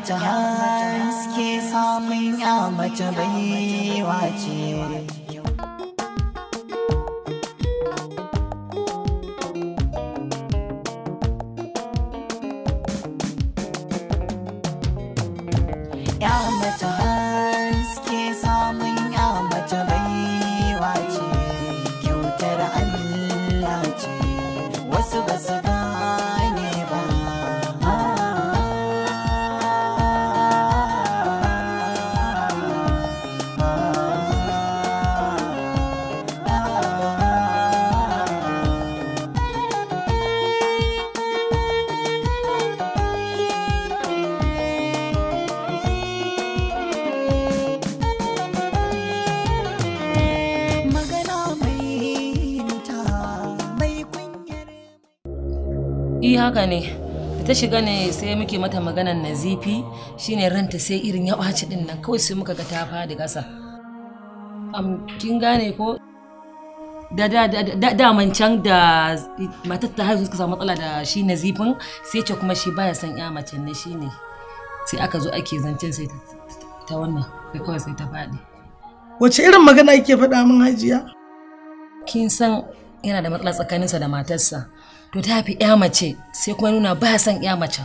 much a high, kiss hopping out much a haka ne ta shiga ne sai muke mata maganan nazifi shine ranta sai irin ya ɓaci din nan kawai sai muka ga ta fadi kasa am kin gane ko da da da da can da matar ta haihu suka samu matsala da shi nazifin sai ce kuma shi baya son ya mace ne shine sai aka zo ake zancen sai ta wannan sai kawai sai ta faɗi wace irin magana ake faɗa min hajiya kin san yana da matsala tsakaninsa da matarsa to ta fi ya mace sai kuma nuna ba son ah, ya mace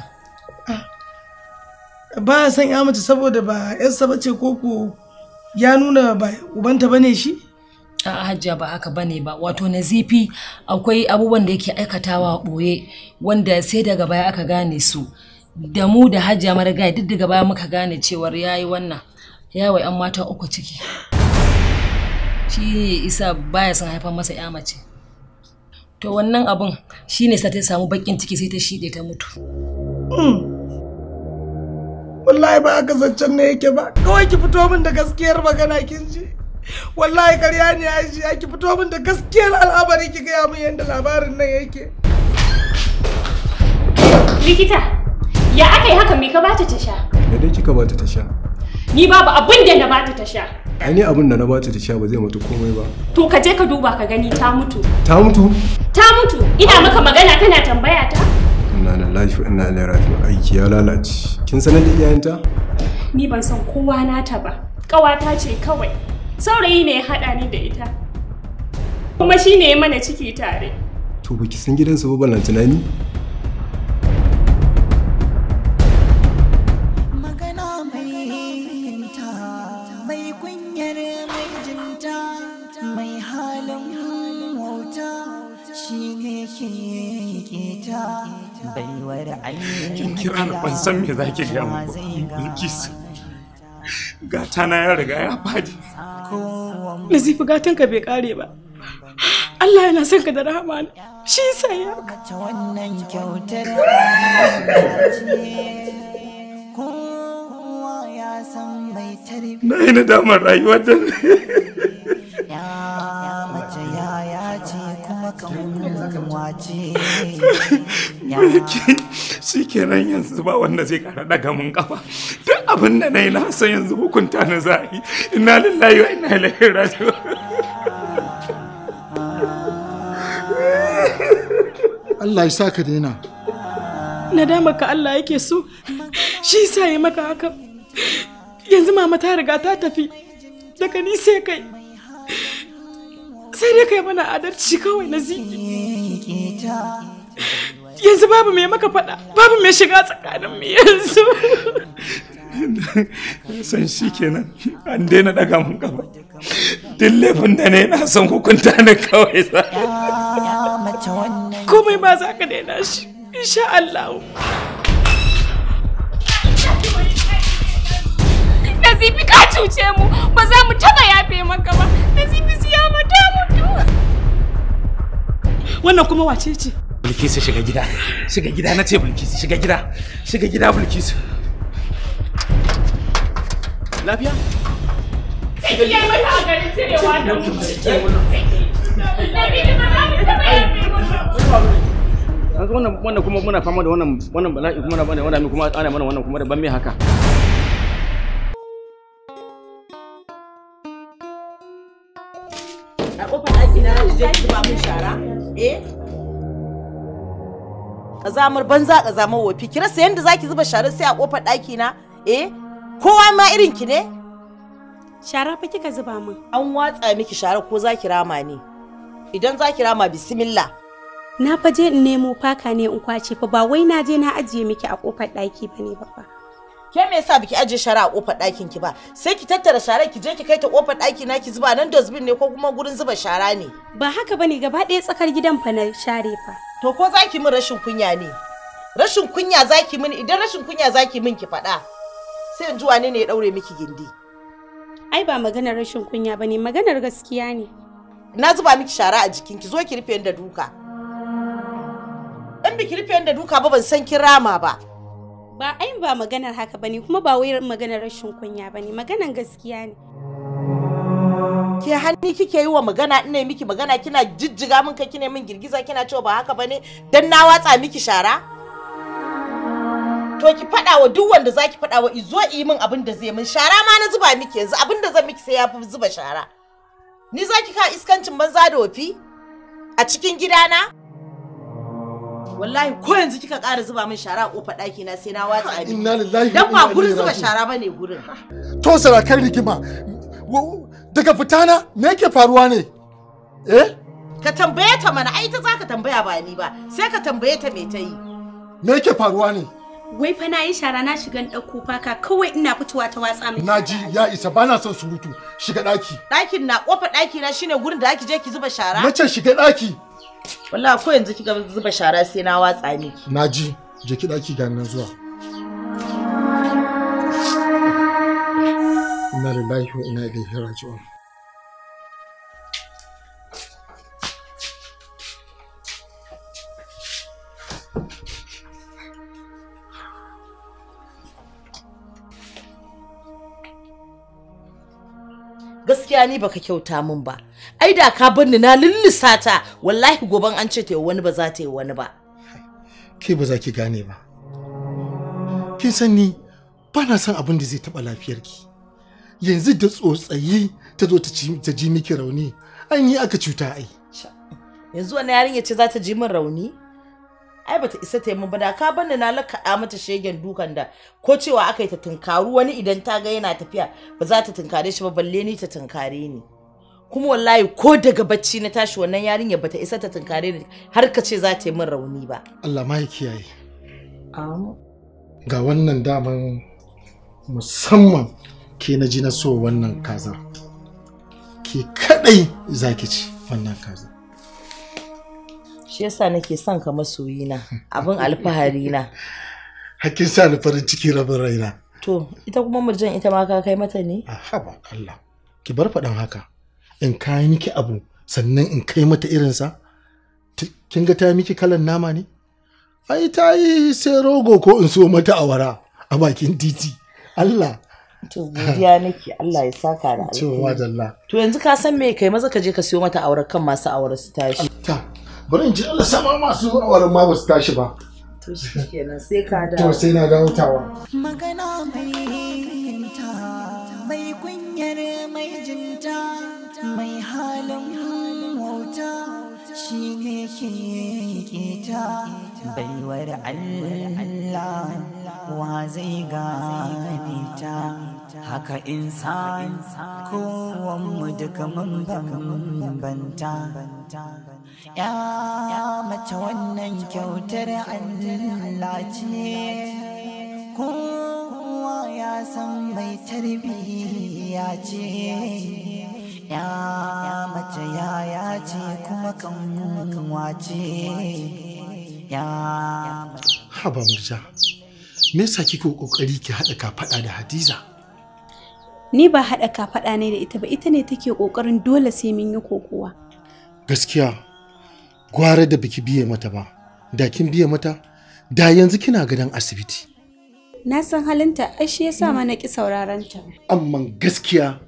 ba son ya mace saboda ba yarsa bace ko ko ya nuna ba ubanta bane shi a hajjia ba haka bane ba wato nazifi akwai abubuwan da yake aikatawa boye wanda sai daga baya aka gane su da mu da hajjia marigayi duk daga baya muka gane cewar yayi wannan ya yawa yan mata uku ciki shi ne isa baya son haifar masa ya mace to wannan abun shine sa ta samu bakin ciki sai ta shide ta mutu hmm. wallahi ba aka zancen ne yake ba kawai ki fito min da gaskiyar magana kin ji wallahi karya ne aji ki fito min da gaskiyar al'amari ki gaya min yadda labarin nan yake likita ya aka yi haka me ka bata ta sha me dai kika bata ta sha ni babu abin da na bata ta sha Ani abin da na bata ta sha ba zai mutu komai ba. To ka je ka duba ka gani ta mutu. Ta mutu? Ta mutu. Ina maka magana kana tambaya ta? Inna lillahi wa inna ilaihi raji'un. Aiki ya lalace. Kin sanar da iyayenta? Ni ban san kowa nata ba. Kawata ce kawai. Saurayi ne ya haɗa ni da ita. Kuma shi ne ya mana ciki tare. To baki san gidansu ba balantana ni? kin kira na ban san me zaki ga mu bilkis gata na ya riga ya fadi nazifi gatan ka bai kare ba Allah yana son ka da rahama ne shi yasa ya kace wannan kyautar kowa ya san mai tarbi na yi nadamar rayuwar da ya mace ya ya ce maka mummunan wace shi kenan yanzu ba wanda zai kara daga mun kafa duk abin da na yi na san yanzu hukunta na za a yi ina lillahi wa ina ilaihi raji'un Allah ya sa ka daina nadama ka Allah yake so shi sa ya maka haka yanzu mama ta riga ta tafi daga ni sai kai sai dai kai mana adalci kawai na ziki yanzu babu mai maka faɗa babu mai shiga tsakanin mu yanzu san shi kenan an daina daga mun kafa duk laifin da ne na san hukunta ne kawai za komai ba za ka daina shi insha Allah Nazifi ka cuce mu ba za mu taba yafe maka ba Nazifi siya mata mutu Wannan kuma wace ce Bulkisu shiga gida shiga gida na ce Bulkisu shiga gida shiga gida Bulkisu Lafiya Sai ya mata a garin cirewa da mu Nazifi ba za mu taba yafe ba wannan wannan kuma muna fama da wannan wannan bala'i kuma na bane wannan kuma ana mana wannan kuma da ban me haka je ki zuba min shara kazamar eh? banza kazamar wofi ki rasa yanda zaki zuba shara sai a kofar ɗaki na eh kowa ma irin ki ne shara fa kika zuba min an watsa miki shara ko zaki rama ne idan zaki rama bismillah na fa je in nemo faka ne in kwace fa ba wai na je na ajiye miki a kofar ɗaki bane ba fa ke me yasa biki aje shara a kofar ɗakin ki ba sai ki tattara shara ki je ki kai ta kofar ɗaki na ki zuba nan dustbin ne ko kuma gurin zuba shara ne ba haka bane gaba ɗaya tsakar gidan fa na share fa to ko zaki min rashin kunya ne rashin kunya zaki min idan rashin kunya zaki min ki faɗa sai in ji wane ne ya ɗaure miki gindi ai ba maganar rashin kunya bane maganar gaskiya ne na zuba miki shara a jikin ki zo ki rufe da duka in biki rufe da duka ba ban san kin rama ba ba ai ba maganar haka bane kuma ba wai maganar rashin kunya bane maganar gaskiya ne ke hannu kike yi wa magana ina miki magana kina jijjiga min kai kina min girgiza kina cewa ba haka bane dan na watsa miki shara to ki fada wa duk wanda zaki fada wa izo yi min abin da zai min shara ma na zuba miki yanzu abin da zan miki sai yafi zuba shara ni zaki ka iskancin banza da wafi a cikin gidana wallahi ko yanzu kika ƙara zuba min shara a kofar ɗaki na sai na watsa abin inna lillahi dan ba gurin zuba shara bane gurin to kai rigima daga fitana me yake faruwa ne eh ka tambaye ta mana ai ta zaka tambaya ba ni ba sai ka tambaye ta me ta yi me yake faruwa ne wai fa na yi shara na shiga ɗauko faka kawai ina fitowa ta watsa mai na ji ya isa ba na son surutu shiga ɗaki ɗakin na ƙofa ɗaki na shine gurin da ake je ki zuba shara mace shiga ɗaki wallahi ko yanzu kika zuba shara sai na watsa miki naji je ki daki ga nan zuwa inna lillahi wa inna ilaihi raji'un gaskiya ni baka kyauta min ba ai da ka ni na lullisa wallahi goban an ce ta wani ba za ta yi wani ba ke ba za ki gane ba kin san ni ba na son abin da zai taɓa lafiyarki yanzu da tsotsayi ta zo ta ji miki rauni ai ni aka cuta ai yanzu wani yarinya ce za ta ji min rauni ai bata isa ta yi mu bada ka banda na lakaɗa mata shegen dukan da ko cewa aka yi ta tunkaru wani idan ta ga yana tafiya ba za ta tunkare shi ba balle ni ta tunkare ni kuma wallahi ko daga bacci na tashi wannan yarinya bata isa ta tunkare ni har ka ce za ta yi min rauni ba Allah ma ya kiyaye ga wannan daman musamman ke na ji na so wannan kaza ke kadai zaki ci wannan kaza shi yasa nake son ka masoyina abin alfahari na hakkin sa ni farin ciki rabin raina to ita kuma murjan ita ma ka kai mata ne ah, haba Allah ki bar faɗan haka in kayi miki abu sannan in kai mata irin sa kin ga ta miki kalan nama ne ai ta yi sai rogo ko in so mata awara a bakin titi Allah to godiya nake Allah ya saka da alheri to yanzu ka san me kai maza ka je ka siyo mata aurar kan masu aurar su tashi ta bari in ji Allah sama masu awarin ma basu tashi ba to shi kenan sai ka da to sai na magana mai ta mai kunyar mai jinta mai halin wauta shi ne ke keta baiwar Allah wa zai gane ta haka insan kowanmu duka mun bambanta ya mace wannan kyautar Allah ce kowa ya san mai tarbiyya ce ya mace yaya ce kuma kanwa ce ya haba murja me yasa kike kokari ki haɗa kafaɗa da hadiza ni ba haɗa kafaɗa ne da ita ba ita ne take ƙoƙarin dole sai mun yi kokowa gaskiya gwara da biki biye mata ba da kin biye mata da yanzu kina gidan asibiti na san halinta ai shi yasa ma na ki sauraron ta amma gaskiya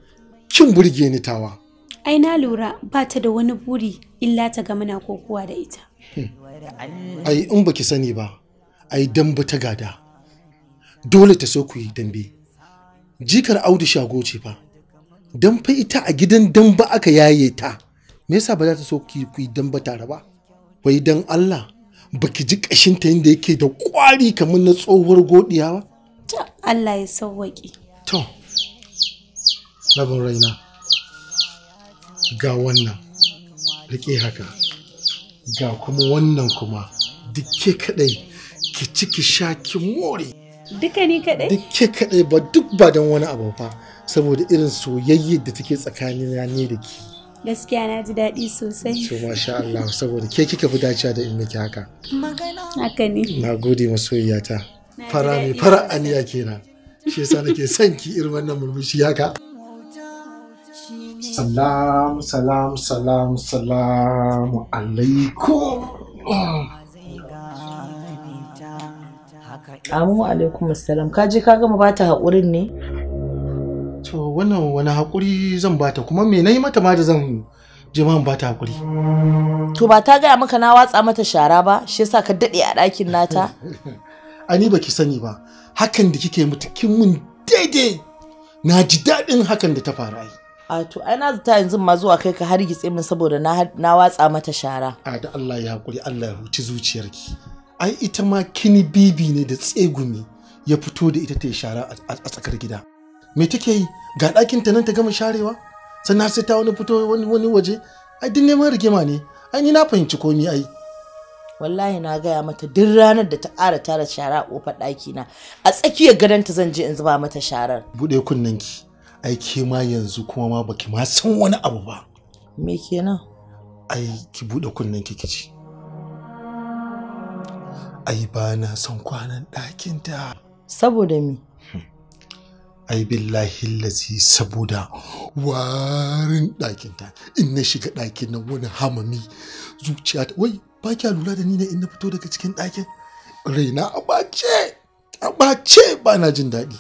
kin burge ni tawa ai na lura ba ta da wani buri illa ta ga muna kokowa da ita hmm. ai in baki sani ba ai dambe ta gada dole ta so ku yi dambe jikar audu shago ce fa dan fa ita a gidan dambe aka yaye ta me yasa ba za ta so ki ku ba tare ba wai dan Allah baki ji kashin ta yadda yake da kwari kamar na tsohuwar godiya ba ta Allah ya sauwaki to rabin raina ga wannan rike haka ga kuma wannan kuma dike kadai ki ciki sha ki more duka ni kadai duke kadai ba duk ba don wani abu fa saboda irin soyayyar da take tsakanina ne da ke gaskiya na ji daɗi sosai to masha Allah saboda ke kika fi dacewa da in miki haka haka ne na gode masoyiyata fara mai fara aniya kenan shi yasa nake son ki irin wannan murmushi haka salam salam salam salam alaikum Amu alaikum assalam. Ka je ka gama bata haƙurin ne? To wannan wani haƙuri zan bata kuma me nayi mata ma da zan je ma bata haƙuri. To ba ta gaya maka na watsa mata shara ba shi yasa ka daɗe a ɗakin nata? Ani baki sani ba hakan da kike mutu kin mun daidai na ji daɗin hakan da ta fara yi. A to ai na zata yanzu ma zuwa kai ka hargitse min saboda na watsa mata shara. A da Allah ya haƙuri Allah ya huci zuciyarki. ai ita ma kini bibi ne da tsegumi ya fito da ita ta yi shara a tsakar gida me take yi ga ɗakin ta nan ta gama sharewa sannan sai ta wani fito wani waje ai duk neman rigima ne ai ni na fahimci komi ai wallahi na gaya mata duk ranar da ta ƙara tara shara a ƙofar ɗaki na a tsakiyar gadon ta zan je in zuba mata sharar buɗe ki ai ke ma yanzu kuma ma baki ma san wani abu ba me kenan ai ki buɗe kunnen ki ci. ai ba na son kwanan ɗakinta saboda mi? Hmm. ai billahi lazi saboda warin ɗakinta in na shiga ɗakin nan wani hamami zuciya ta wai ba kya lura da ni ne in na fito daga cikin ɗakin raina a bace, a bace ba na jin daɗi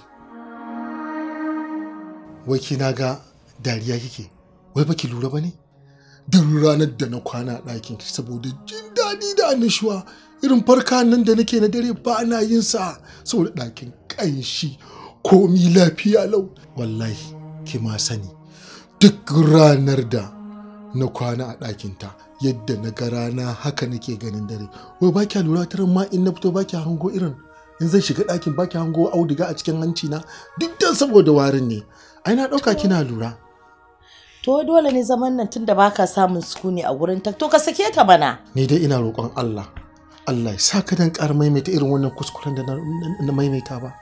wai ki na ga dariya kike wai baki lura ba ne don ranar da na kwana a ɗakin saboda jin daɗi da annashuwa irin farka nan da nake na dare ba na yin sa saboda ɗakin ƙanshi komi lafiya lau wallahi ki ma sani duk ranar da na kwana a ɗakinta yadda na ga rana haka nake ganin dare wai ba kya lura tarin ma in na fito ba kya hango irin in zai shiga ɗakin ba kya hango auduga a cikin hanci na duk dan saboda warin ne ai na ɗauka kina lura to dole ne zaman nan tunda baka samun sukuni a gurin ta to ka sake ta bana ni dai ina roƙon Allah Allah ya sa ka dan ƙara maimaita irin wannan kuskuren da na maimaita ba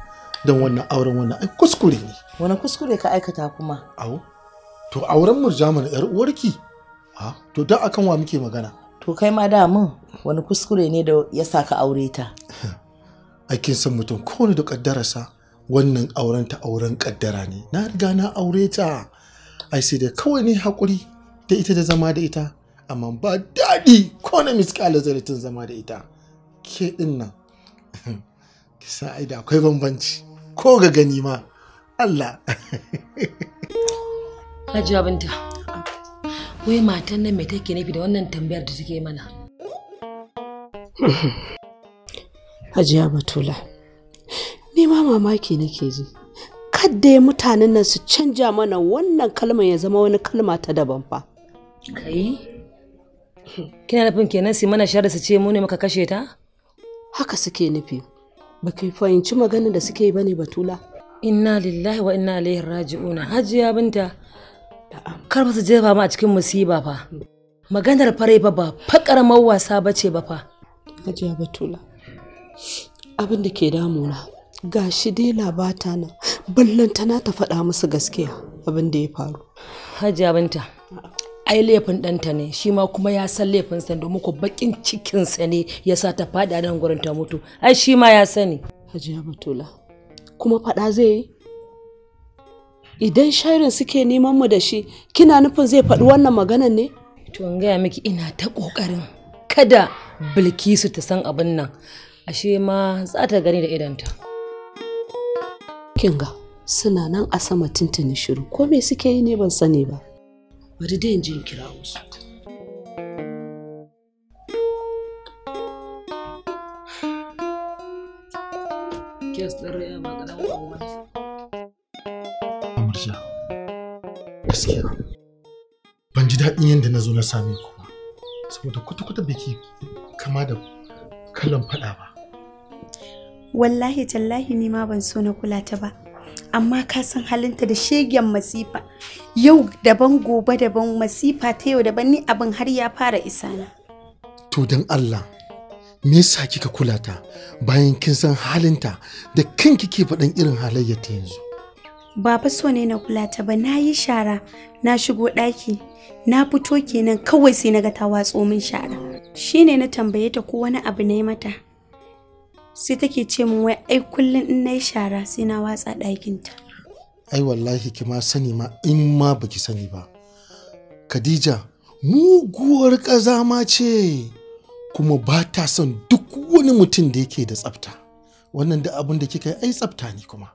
don wannan auren wannan ai kuskure ne wani kuskure ka aikata kuma au to auren murjama da yar uwarki ha to da akan wa muke magana to kai ma da mun wani kuskure ne da ya sa ka aure ta ai kin san mutum kowane da kaddararsa wannan auren ta auren kaddara ne na riga na aure ta ai sai da kawai ne hakuri da ita da zama da ita amma ba daɗi ko na miskala zaratin zama da ita ke ɗin nan ki sa ai akwai bambanci ko ga gani ma Allah Hajiya binta wai matan nan me take nufi da wannan tambayar da take mana Hajiya Batula ni ma mamaki nake ji kadda ya mutanen nan su canja mana wannan kalmar ya zama wani kalma ta daban fa kai kina nufin kenan su mana shar su ce mu ne muka kashe ta haka suke nufi ba ki fahimci magana da suke bane ba batula inna lillahi wa inna ilaihi raji'una hajiya binta kar ba su jefa mu a cikin musiba fa maganar fare ba ba fa karamar wasa ba ce ba fa hajiya batula abin da ke damuna ga shi dai labata na ballantana ta faɗa musu gaskiya abin da ya faru hajiya binta ai laifin ɗanta ne shi ma kuma ya san laifinsa domin ko bakin cikinsa ne ya sa ta faɗi a nan gurin ta mutu ai shi ma ya sani hajiya kuma faɗa zai yi idan shairin suke neman mu da shi kina nufin zai faɗi wannan maganan ne to an gaya miki ina ta ƙoƙarin kada bilkisu ta san abin nan ashe ma za ta gani da idanta kinga suna nan a sama tintini shiru ko me suke yi ne ban sani ba bari dai in je in kira su ban ji daɗin yadda na zo na same ku ba, saboda kwata-kwata bai ke kama da kalan faɗa ba. Wallahi tallahi ni ma ban so na kula ta ba, amma ka san halinta da shegen masifa yau daban gobe daban masifa ta yau daban ni abin har ya fara isa na to don Allah me yasa kika kula ta bayan kin san halinta da kan kike faɗan irin halayya ta yanzu Baba so ne na kula ta ba na yi shara na shigo ɗaki na fito kenan kawai sai na ga ta watso min shara shine na tambaye ta ko wani abu ne mata sai take ce min wai ai kullum in na yi shara sai na watsa ɗakinta. ai wallahi ki ma sani ma in ma baki sani ba khadija muguwar ƙazama ce kuma ba ta son duk wani mutum da yake da tsafta wannan da abin da kika yi ai tsafta ne kuma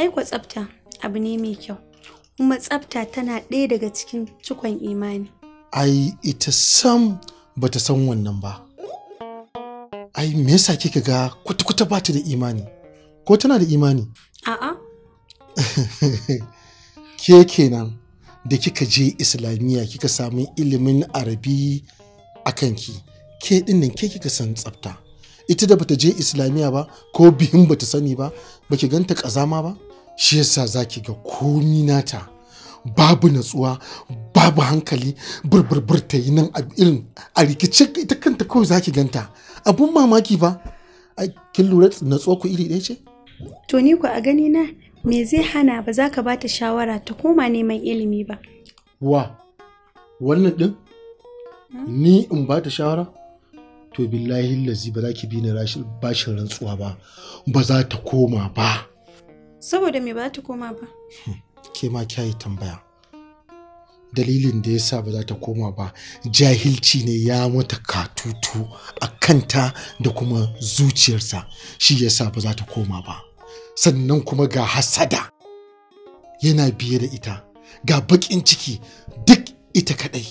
ai kwa tsafta abu ne mai kyau kuma tsafta tana ɗaya daga cikin cikon imani ai ita sam bata san wannan ba ai me yasa kika ga kwata-kwata ba ta da imani ko tana da imani a'a ke kenan da kika je islamiyya kika samu ilimin arabi a kanki ke dinnan ke kika san tsafta ita da bata je islamiyya ba ko bihin bata sani ba baki ganta kazama ba shi yasa zaki ga komi nata babu natsuwa babu hankali burbur ta yi nan irin a rikice ita kanta kawai za ki ganta abun mamaki ba kin lura na ku iri ɗaya ce to ni ku a gani na me zai hana ba za ka bata shawara ta koma neman ilimi ba wa wannan ɗin ni in bata shawara to billahi lazi ba za ki bi ni bashin rantsuwa ba ba za ta koma ba saboda me ba ta koma ba ke ma kyayi tambaya dalilin da ya sa ba za ta koma ba jahilci ne ya mata katutu a kanta da kuma zuciyarsa shi ya sa ba za ta koma ba sannan kuma ga hasada yana biye da ita ga baƙin ciki duk ita kadai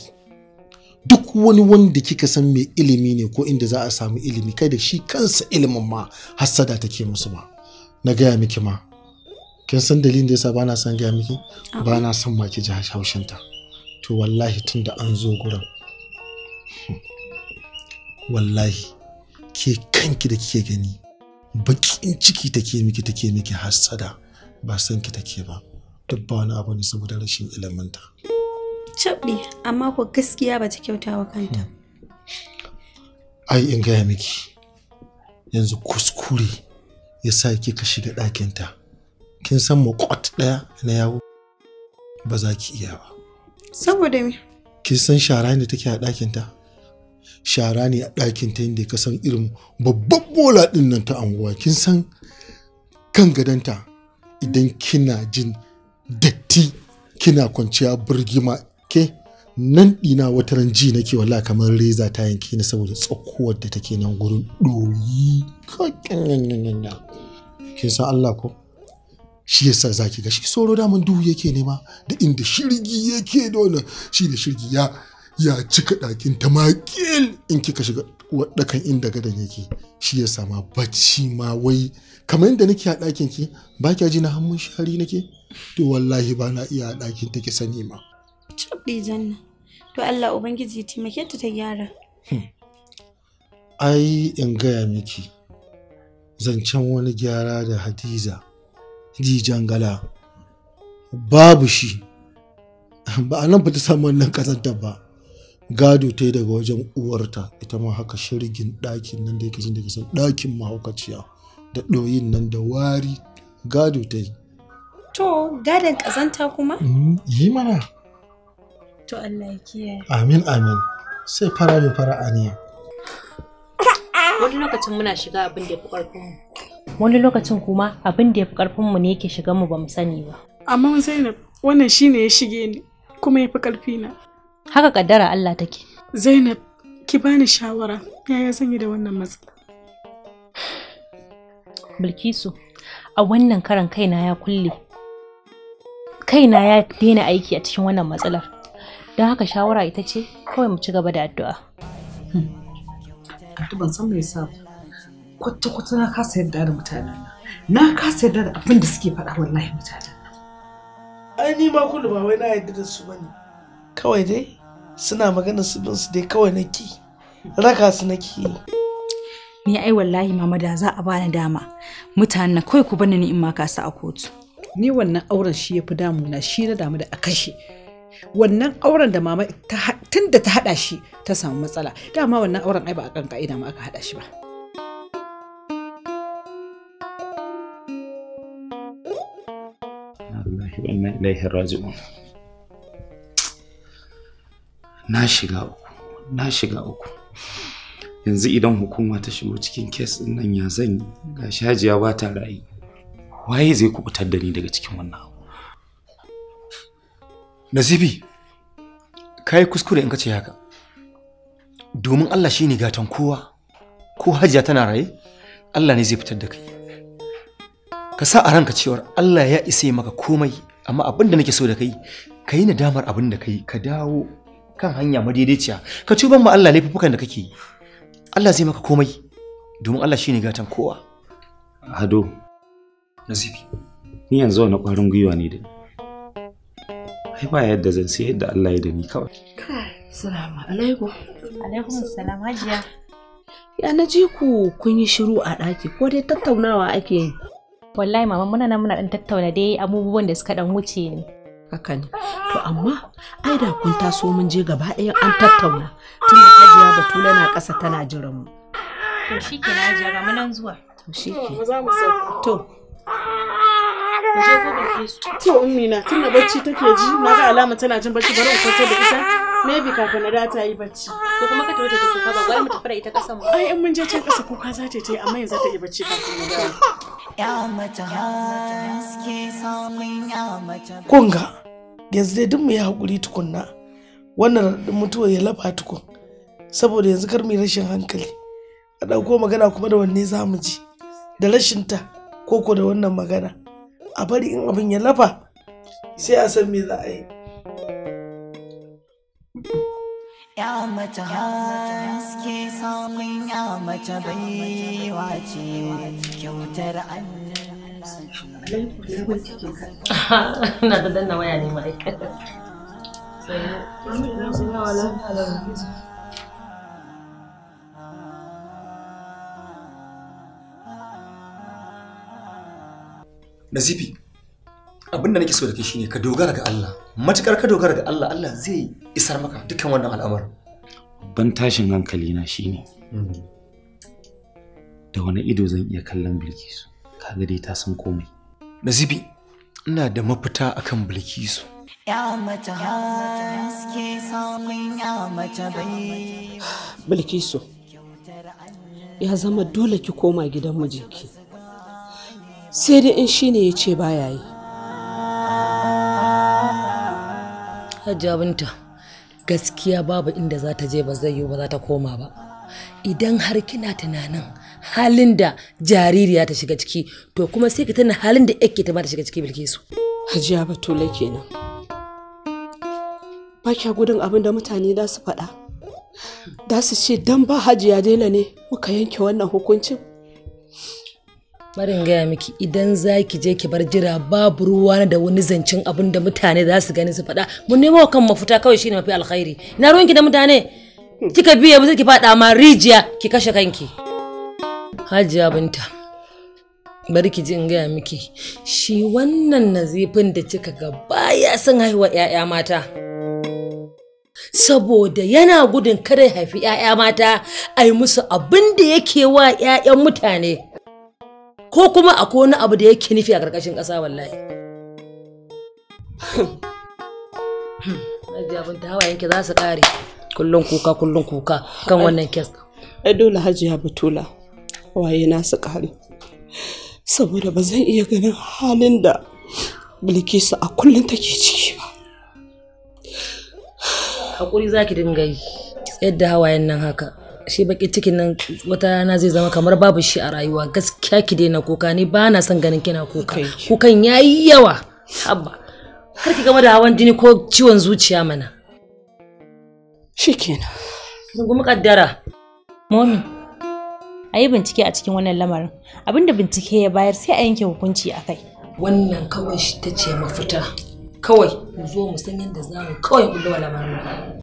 duk wani wanda kika san mai ilimi ne ko inda za a samu ilimi kai da shi kansa ilimin ma hassada take musu ba na gaya miki ma kin san dalilin da yasa ba na son gaya miki ba na son ma ki ji haushinta. ta to wallahi tun da an zo gurin wallahi ke kanki da kike gani bakin ciki take miki take miki hasada ba san ki take ba duk ba wani abu ne saboda rashin iliminta cabɗe amma ko gaskiya ba ta kyauta wa kanta hmm. ai in gaya miki yanzu kuskure ya sa kika shiga ɗakinta kin san kwat ɗaya na yawo ba za ki iya ba Saboda me? Ki san shara ne take a ɗakin ta? Shara ne a ɗakin ta inda ka san irin babban bola ɗin nan ta anguwa. Kin san kan ta idan kina jin datti kina kwanciya birgima ke nan ɗina wata ran ji nake walla kamar reza ta yanke ni saboda tsakowar da take nan gurin ɗoyi. Kin san Allah ko? shi yasa zaki ga shi soro daman duhu yake nema da inda shirgi yake dole shi da shirgi ya ya cika ɗakin ta makil in kika shiga ɗakan inda gadon yake shi yasa ma bacci ma wai kamar yadda nake a ɗakin ki ba kya ji na hannun shari nake to wallahi ba na iya a ɗakin take sani ma. Cabɗi janna to Allah Ubangiji taimake ta ta gyara. Hmm. Ai in gaya miki zancen wani gyara da Hadiza jijangala babu shi ba a nan fita samun nan kasanta ba gado ta yi daga wajen uwarta ita ma haka shirgin ɗakin nan da yake jin daga ɗakin mahaukaciya da ɗoyin nan da wari gado ta yi to gadon kazanta kuma mm-hmm. yi mana to Allah kiyaye amin amin sai fara mai fara aniya wani lokacin muna shiga abin da ya fi ƙarfin wani lokacin kuma abin da ya fi ƙarfinmu ne yake shiga mu ba mu sani ba. Amma Zainab wannan shi ne ya shige ni kuma ya fi ƙarfi na. Haka kaddara Allah take. Zainab ki bani shawara yaya zan yi da wannan matsala. Bilkisu a wannan karan kaina ya kulle. Kaina ya daina aiki a cikin wannan matsalar. Don haka shawara ita ce kawai mu ci gaba da addu'a. Hmm. Addu'a san mai sa ba. kwata-kwata na kasa yarda da mutanen nan na kasa yarda da abin da suke faɗa wallahi mutanen nan ai ni ma kullu ba wai na yadda da su bane kawai dai suna magana su bin su dai kawai nake raka su nake ni ai wallahi mama da za a bani dama mutanen nan kawai ku bani ni in ma kasa a kotu ni wannan auren shi ya fi na shi na damu da a kashe wannan auren da mama tun da ta hada shi ta samu matsala dama wannan auren ai ba a kan ka'ida ma aka hada shi ba na shiga uku yanzu idan hukuma ta shigo cikin kes din nan ya zan yi ga shajiya ba ta ra'ayi waye zai kubutar da ni daga cikin wannan abu nasibi kai kuskure in ka ce haka domin Allah shine gatan kowa ko hajiya tana raye Allah ne zai fitar da kai ka sa a ranka cewar Allah ya isa maka komai amma abin da nake so da kai ka yi nadamar abin da kai ka dawo kan hanya madaidaiciya ka ban ma Allah laifukan da kake yi Allah zai maka komai domin Allah shine gatan kowa Ado nasibi ni yanzu wani ƙwarin gwiwa ne da ai ba yadda zan sai yadda Allah ya da ni kawai Assalamu alaikum Alaikum assalam hajiya Ya na ji ku kun yi shiru a ɗaki ko dai tattaunawa ake yi wallahi mama muna nan muna dan tattauna dai abubuwan da suka dan wuce ne haka ne to amma ai da kun taso mun je gaba ɗayan an tattauna tun da hajiya batula na ƙasa tana jiran mu to shike na hajiya ga nan zuwa to shike to to ummi na tun da bacci take ji na ga alama tana jin bacci bari in kwantar da ita maybe da ta yi bacci ko kuma ka tura ta kuka ba gwai mu tafi da ita kasan mu ai in mun je can kasa kuka za ta yi amma yanzu ta yi bacci kafin ya mata kunga yanzu dai duk mu yi hakuri tukunna wannan mutuwar ya lafa tukun saboda yanzu kar mu rashin hankali a ɗauko magana kuma da wanne za mu ji da rashin ta ko ko da wannan magana a bari in abin ya lafa sai a san me za a yi ya mace haske samun ya mace bai wace kyautar Allah na da danna waya ne ma'aikata Nazifi, abin da nake so da kai shine ka dogara ga Allah. matuƙar ka dogara ga Allah Allah zai isar maka dukkan wannan al'amar. ban tashin hankali na shine hmm. da wani ido zan iya kallon Bilkisu ga dai ta san komai Nazibi ina da mafita akan Bilkisu ya mace haske samun ya mace bai Bilkisu ya zama dole ki koma gidan mijinki sai dai in shine ya ce baya yi Hajiya Binta gaskiya babu inda za ta je ba zai yiwu ba za ta koma ba. Idan har kina tunanin halin da jaririya ta shiga ciki to kuma sai ka tana halin da yake ta ma ta shiga ciki Bilkisu. Hajiya Batula kenan. Ba kya gudun abin da mutane za su faɗa. Za su ce dan ba Hajiya Dela ne muka yanke wannan hukuncin. barin gaya miki idan za ki je ki bar jira babu ruwa da wani zancen abin da mutane za su gani su faɗa mun nemo kan mafita kawai shine mafi alkhairi ina ki da mutane kika biye mu ki faɗa ma rijiya ki kashe kanki hajiya binta bari ki ji in gaya miki shi wannan nazifin da kika ga baya son haihuwa 'ya'ya mata saboda yana gudun kada haifi 'ya'ya mata ai musu abin da yake wa 'ya'yan mutane ko kuma akwai wani abu da yake nufi a ƙarƙashin ƙasa wallahi Hajiya ta hawa yanke za su ƙare kullum kuka kullum kuka kan wannan kes. Ai dole Hajiya Batula waye na su ƙare. Saboda ba zan iya ganin halin da Bilkisu a kullum take ciki ba. Hakuri za ki dinga yi yadda hawayen nan haka. shi baki cikin nan wata rana zai zama kamar babu shi a rayuwa gaskiya ki daina kuka ni ba na son ganin kina kuka kukan yayi yawa haba har ki gama da hawan jini ko ciwon zuciya mana shikenan kuma kaddara a yi bincike a cikin wannan lamarin abinda bincike ya bayar sai a yanke hukunci a kai wannan kawai ta ce mafita kawai mu zo mu san yadda za mu kawai kulle lamarin